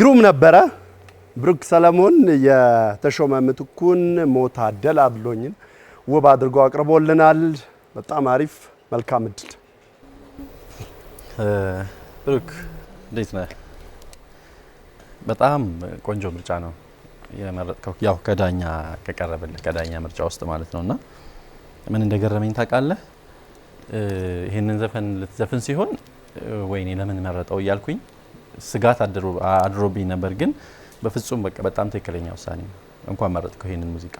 ግሩም ነበረ። ብሩክ ሰለሞን የተሾመ ምትኩን ሞታ ደል አድሎኝን ውብ አድርጎ አቅርቦልናል። በጣም አሪፍ መልካም እድል። ብሩክ እንዴት ነህ? በጣም ቆንጆ ምርጫ ነው የመረጥከው። ያው ከዳኛ ከቀረበልህ ከዳኛ ምርጫ ውስጥ ማለት ነው እና ምን እንደገረመኝ ታውቃለህ? ይህንን ዘፈን ልትዘፍን ሲሆን ወይኔ ለምን መረጠው እያልኩኝ ስጋት አድሮብኝ ነበር። ግን በፍጹም በቃ በጣም ትክክለኛ ውሳኔ ነው። እንኳን መረጥኩ ይሄንን ሙዚቃ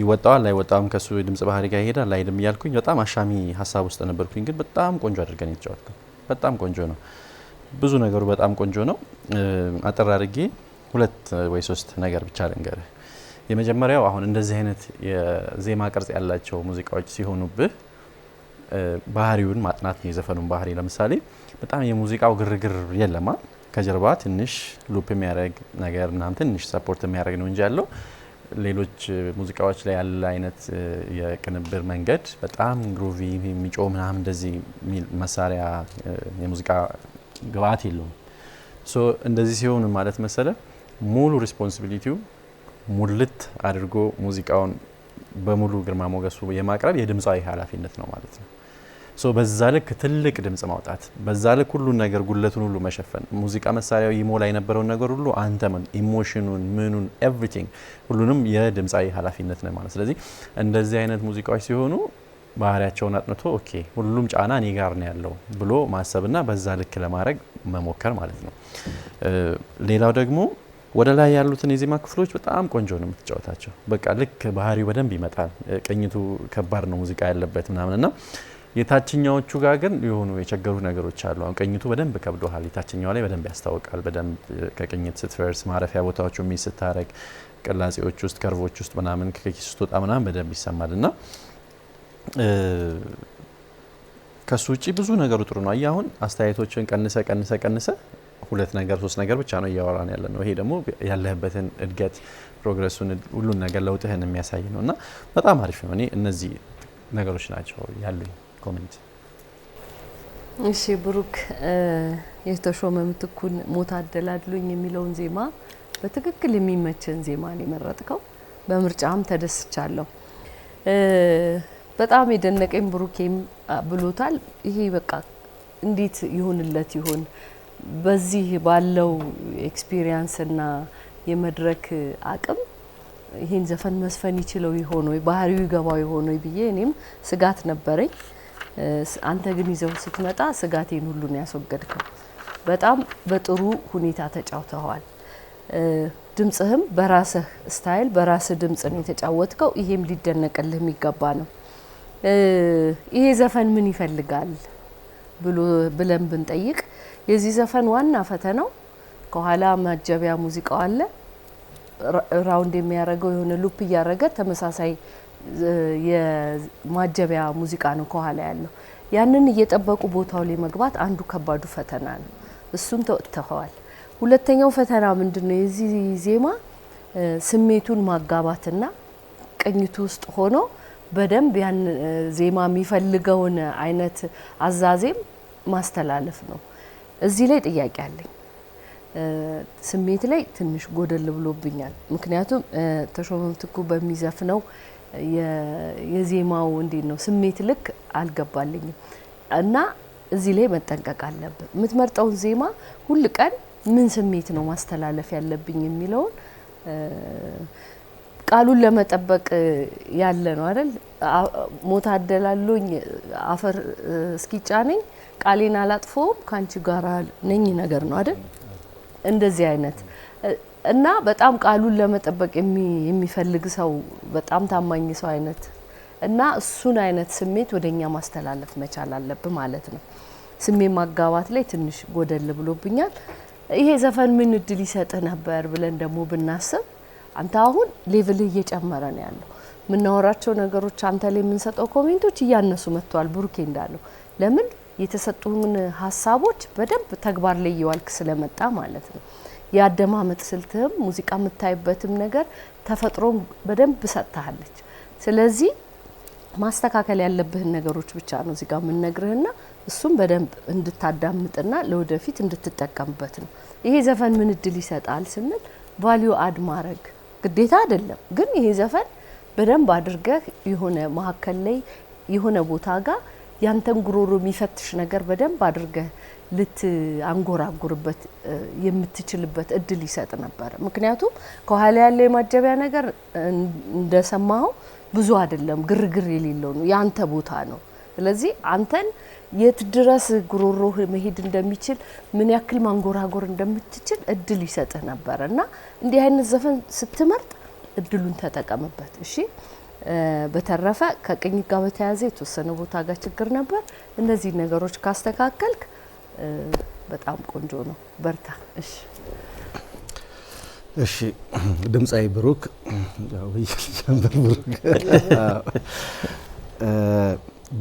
ይወጣዋል ላይ ከሱ ድምጽ ባህሪ ጋር ይሄዳል ላይድም እያልኩኝ በጣም አሻሚ ሀሳብ ውስጥ ነበርኩኝ። ግን በጣም ቆንጆ አድርገን የተጫወትኩ በጣም ቆንጆ ነው። ብዙ ነገሩ በጣም ቆንጆ ነው። አጠር አድርጌ ሁለት ወይ ሶስት ነገር ብቻ ልንገርህ። የመጀመሪያው አሁን እንደዚህ አይነት የዜማ ቅርጽ ያላቸው ሙዚቃዎች ሲሆኑብህ ባህሪውን ማጥናት ነው። የዘፈኑን ባህሪ ለምሳሌ በጣም የሙዚቃው ግርግር የለማ ከጀርባ ትንሽ ሉፕ የሚያደርግ ነገር ምናምን ትንሽ ሰፖርት የሚያደርግ ነው እንጂ ያለው ሌሎች ሙዚቃዎች ላይ ያለ አይነት የቅንብር መንገድ በጣም ግሩቪ የሚጮ ምናምን እንደዚህ የሚል መሳሪያ የሙዚቃ ግብአት የለውም። ሶ እንደዚህ ሲሆን ማለት መሰለ ሙሉ ሪስፖንሲቢሊቲው ሙልት አድርጎ ሙዚቃውን በሙሉ ግርማ ሞገሱ የማቅረብ የድምፃዊ ኃላፊነት ነው ማለት ነው። በዛ ልክ ትልቅ ድምጽ ማውጣት፣ በዛ ልክ ሁሉን ነገር ጉለቱን ሁሉ መሸፈን፣ ሙዚቃ መሳሪያው ይሞላ የነበረውን ነገር ሁሉ አንተ ምን ኢሞሽኑን፣ ምኑን፣ ኤቭሪቲንግ ሁሉንም የድምፃዊ ኃላፊነት ነው ማለት። ስለዚህ እንደዚህ አይነት ሙዚቃዎች ሲሆኑ ባህሪያቸውን አጥንቶ ኦኬ ሁሉም ጫና እኔ ጋር ነው ያለው ብሎ ማሰብና በዛ ልክ ለማድረግ መሞከር ማለት ነው። ሌላው ደግሞ ወደ ላይ ያሉትን የዜማ ክፍሎች በጣም ቆንጆ ነው የምትጫወታቸው። በቃ ልክ ባህሪው በደንብ ይመጣል። ቅኝቱ ከባድ ነው ሙዚቃ ያለበት ምናምንና። ና የታችኛዎቹ ጋር ግን የሆኑ የቸገሩ ነገሮች አሉ። አሁን ቅኝቱ በደንብ ከብዶሃል። የታችኛዋ ላይ በደንብ ያስታውቃል። በደንብ ከቅኝት ስትፈርስ ማረፊያ ቦታዎቹ ሚ ስታረግ ቅላጼዎች ውስጥ ከርቮች ውስጥ ምናምን ከኪስ ስትወጣ ምናምን በደንብ ይሰማል እና ከሱ ውጭ ብዙ ነገሩ ጥሩ ነው። አየህ አሁን አስተያየቶችን ቀንሰ ቀንሰ ቀንሰ ሁለት ነገር ሶስት ነገር ብቻ ነው እያወራን ያለ ነው። ይሄ ደግሞ ያለህበትን እድገት ፕሮግረሱን፣ ሁሉን ነገር ለውጥህን የሚያሳይ ነው እና በጣም አሪፍ ነው። እኔ እነዚህ ነገሮች ናቸው ያሉኝ። ኮሜንት። እሺ ብሩክ የተሾመ ምትኩን ሞት አደላድሎኝ የሚለውን ዜማ በትክክል የሚመችን ዜማ ነው የመረጥከው። በምርጫም ተደስቻለሁ። በጣም የደነቀኝ ብሩኬም ብሎታል። ይሄ በቃ እንዴት ይሆንለት ይሆን? በዚህ ባለው ኤክስፒሪየንስና የመድረክ አቅም ይህን ዘፈን መስፈን ይችለው ይሆን ወይ ባህሪው ይገባው ይሆን ወይ ብዬ እኔም ስጋት ነበረኝ። አንተ ግን ይዘው ስትመጣ ስጋቴን ሁሉን ያስወገድከው፣ በጣም በጥሩ ሁኔታ ተጫውተዋል። ድምጽህም በራስህ ስታይል በራስህ ድምጽ ነው የተጫወትከው። ይሄም ሊደነቅልህ የሚገባ ነው። ይሄ ዘፈን ምን ይፈልጋል ብሎ ብለን ብንጠይቅ የዚህ ዘፈን ዋና ፈተናው ከኋላ ማጀቢያ ሙዚቃው አለ። ራውንድ የሚያደርገው የሆነ ሉፕ እያደረገ ተመሳሳይ የማጀቢያ ሙዚቃ ነው ከኋላ ያለው። ያንን እየጠበቁ ቦታው ላይ መግባት አንዱ ከባዱ ፈተና ነው። እሱን ተወጥተዋል። ሁለተኛው ፈተና ምንድን ነው? የዚህ ዜማ ስሜቱን ማጋባትና ቅኝቱ ውስጥ ሆኖ በደንብ ያን ዜማ የሚፈልገውን አይነት አዛዜም ማስተላለፍ ነው። እዚህ ላይ ጥያቄ አለኝ። ስሜት ላይ ትንሽ ጎደል ብሎብኛል። ምክንያቱም ተሾመም ትኩ በሚዘፍነው የዜማው እንዴት ነው ስሜት ልክ አልገባልኝም እና እዚህ ላይ መጠንቀቅ አለብን። የምትመርጠውን ዜማ ሁል ቀን ምን ስሜት ነው ማስተላለፍ ያለብኝ የሚለውን ቃሉን ለመጠበቅ ያለ ነው አይደል? ሞት አደላሎኝ አፈር እስኪጫነኝ ቃሌን አላጥፎም ከአንቺ ጋር ነኝ ነገር ነው አይደል? እንደዚህ አይነት እና በጣም ቃሉን ለመጠበቅ የሚፈልግ ሰው በጣም ታማኝ ሰው አይነት እና እሱን አይነት ስሜት ወደ እኛ ማስተላለፍ መቻል አለብ ማለት ነው። ስሜ ማጋባት ላይ ትንሽ ጎደል ብሎብኛል። ይሄ ዘፈን ምን እድል ይሰጥ ነበር ብለን ደግሞ ብናስብ አንተ አሁን ሌቭል እየጨመረ ነው ያለው። የምናወራቸው ነገሮች አንተ ላይ የምንሰጠው ኮሜንቶች እያነሱ መጥተዋል። ብሩኬ እንዳለው ለምን የተሰጡን ሀሳቦች በደንብ ተግባር ላይ እየዋልክ ስለመጣ ማለት ነው። የአደማመጥ ስልትህም ሙዚቃ የምታይበትም ነገር ተፈጥሮን በደንብ ሰጥታለች። ስለዚህ ማስተካከል ያለብህን ነገሮች ብቻ ነው እዚጋ የምንነግርህና እሱም በደንብ እንድታዳምጥና ለወደፊት እንድትጠቀምበት ነው። ይሄ ዘፈን ምን እድል ይሰጣል ስንል ቫሊዩ አድ ማድረግ ግዴታ አይደለም፣ ግን ይሄ ዘፈን በደንብ አድርገህ የሆነ መሀከል ላይ የሆነ ቦታ ጋር ያንተን ጉሮሮ የሚፈትሽ ነገር በደንብ አድርገህ ልትአንጎራጉርበት የምትችልበት እድል ይሰጥ ነበር። ምክንያቱም ከኋላ ያለው የማጀቢያ ነገር እንደሰማው ብዙ አይደለም፣ ግርግር የሌለው ነው፣ የአንተ ቦታ ነው። ስለዚህ አንተን የት ድረስ ጉሮሮ መሄድ እንደሚችል ምን ያክል ማንጎራጎር እንደምትችል እድል ይሰጥህ ነበር እና እንዲህ አይነት ዘፈን ስትመርጥ እድሉን ተጠቀምበት። እሺ። በተረፈ ከቅኝት ጋር በተያያዘ የተወሰነ ቦታ ጋር ችግር ነበር። እነዚህ ነገሮች ካስተካከልክ በጣም ቆንጆ ነው። በርታ። እሺ እሺ። ድምፃዊ ብሩክ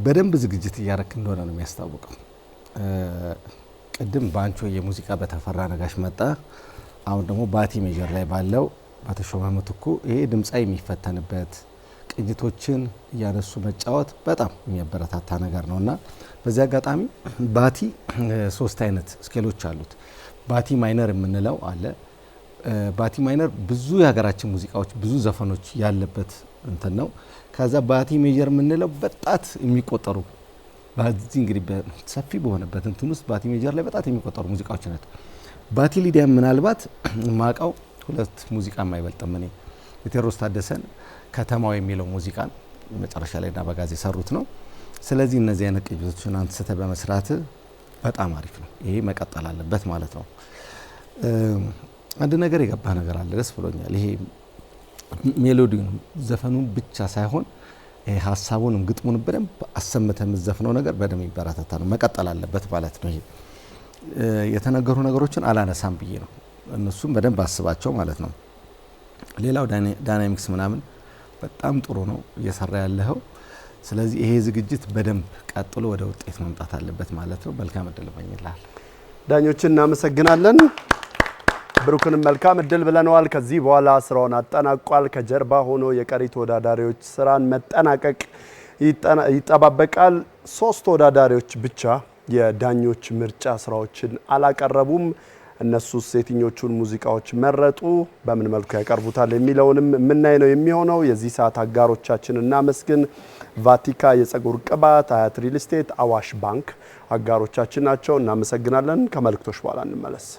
በደንብ ዝግጅት እያረክ እንደሆነ ነው የሚያስታውቀው። ቅድም በአንቾ የሙዚቃ በተፈራ ነጋሽ መጣ። አሁን ደግሞ ባቲ ሜጀር ላይ ባለው በተሾመ ምትኩ ይሄ ድምፃዊ የሚፈተንበት ቅኝቶችን እያነሱ መጫወት በጣም የሚያበረታታ ነገር ነውና በዚህ አጋጣሚ ባቲ ሶስት አይነት ስኬሎች አሉት። ባቲ ማይነር የምንለው አለ። ባቲ ማይነር ብዙ የሀገራችን ሙዚቃዎች ብዙ ዘፈኖች ያለበት እንትን ነው። ከዛ ባቲ ሜጀር የምንለው በጣት የሚቆጠሩ በዚህ እንግዲህ ሰፊ በሆነበት እንትን ውስጥ ባቲ ሜጀር ላይ በጣት የሚቆጠሩ ሙዚቃዎች ነት ባቲ ሊዲያ ምናልባት ማቀው ሁለት ሙዚቃ የማይበልጥም እኔ የቴዎድሮስ ታደሰን ከተማው የሚለው ሙዚቃን መጨረሻ ላይ ና በጋዝ የሰሩት ነው። ስለዚህ እነዚህ አይነት ቅኝቶችን አንስተ በመስራት በጣም አሪፍ ነው። ይሄ መቀጠል አለበት ማለት ነው። አንድ ነገር የገባ ነገር አለ፣ ደስ ብሎኛል። ይሄ ሜሎዲውንም ዘፈኑ ብቻ ሳይሆን ሀሳቡንም ግጥሙን በደንብ አሰምተ የምዘፍነው ነገር በደንብ ይበረታታ ነው፣ መቀጠል አለበት ማለት ነው። ይሄ የተነገሩ ነገሮችን አላነሳም ብዬ ነው። እነሱም በደንብ አስባቸው ማለት ነው። ሌላው ዳይናሚክስ ምናምን በጣም ጥሩ ነው እየሰራ ያለኸው ስለዚህ ይሄ ዝግጅት በደንብ ቀጥሎ ወደ ውጤት መምጣት አለበት ማለት ነው። መልካም እድል እመኝልሃል። ዳኞችን እናመሰግናለን። ብሩክንም መልካም እድል ብለነዋል። ከዚህ በኋላ ስራውን አጠናቋል። ከጀርባ ሆኖ የቀሪ ተወዳዳሪዎች ስራን መጠናቀቅ ይጠባበቃል። ሶስት ተወዳዳሪዎች ብቻ የዳኞች ምርጫ ስራዎችን አላቀረቡም። እነሱስ የትኞቹን ሙዚቃዎች መረጡ፣ በምን መልኩ ያቀርቡታል የሚለውንም የምናይ ነው የሚሆነው። የዚህ ሰዓት አጋሮቻችን እናመስግን። ቫቲካ የጸጉር ቅባት፣ አያት ሪል ስቴት፣ አዋሽ ባንክ አጋሮቻችን ናቸው። እናመሰግናለን። ከመልእክቶች በኋላ እንመለስ።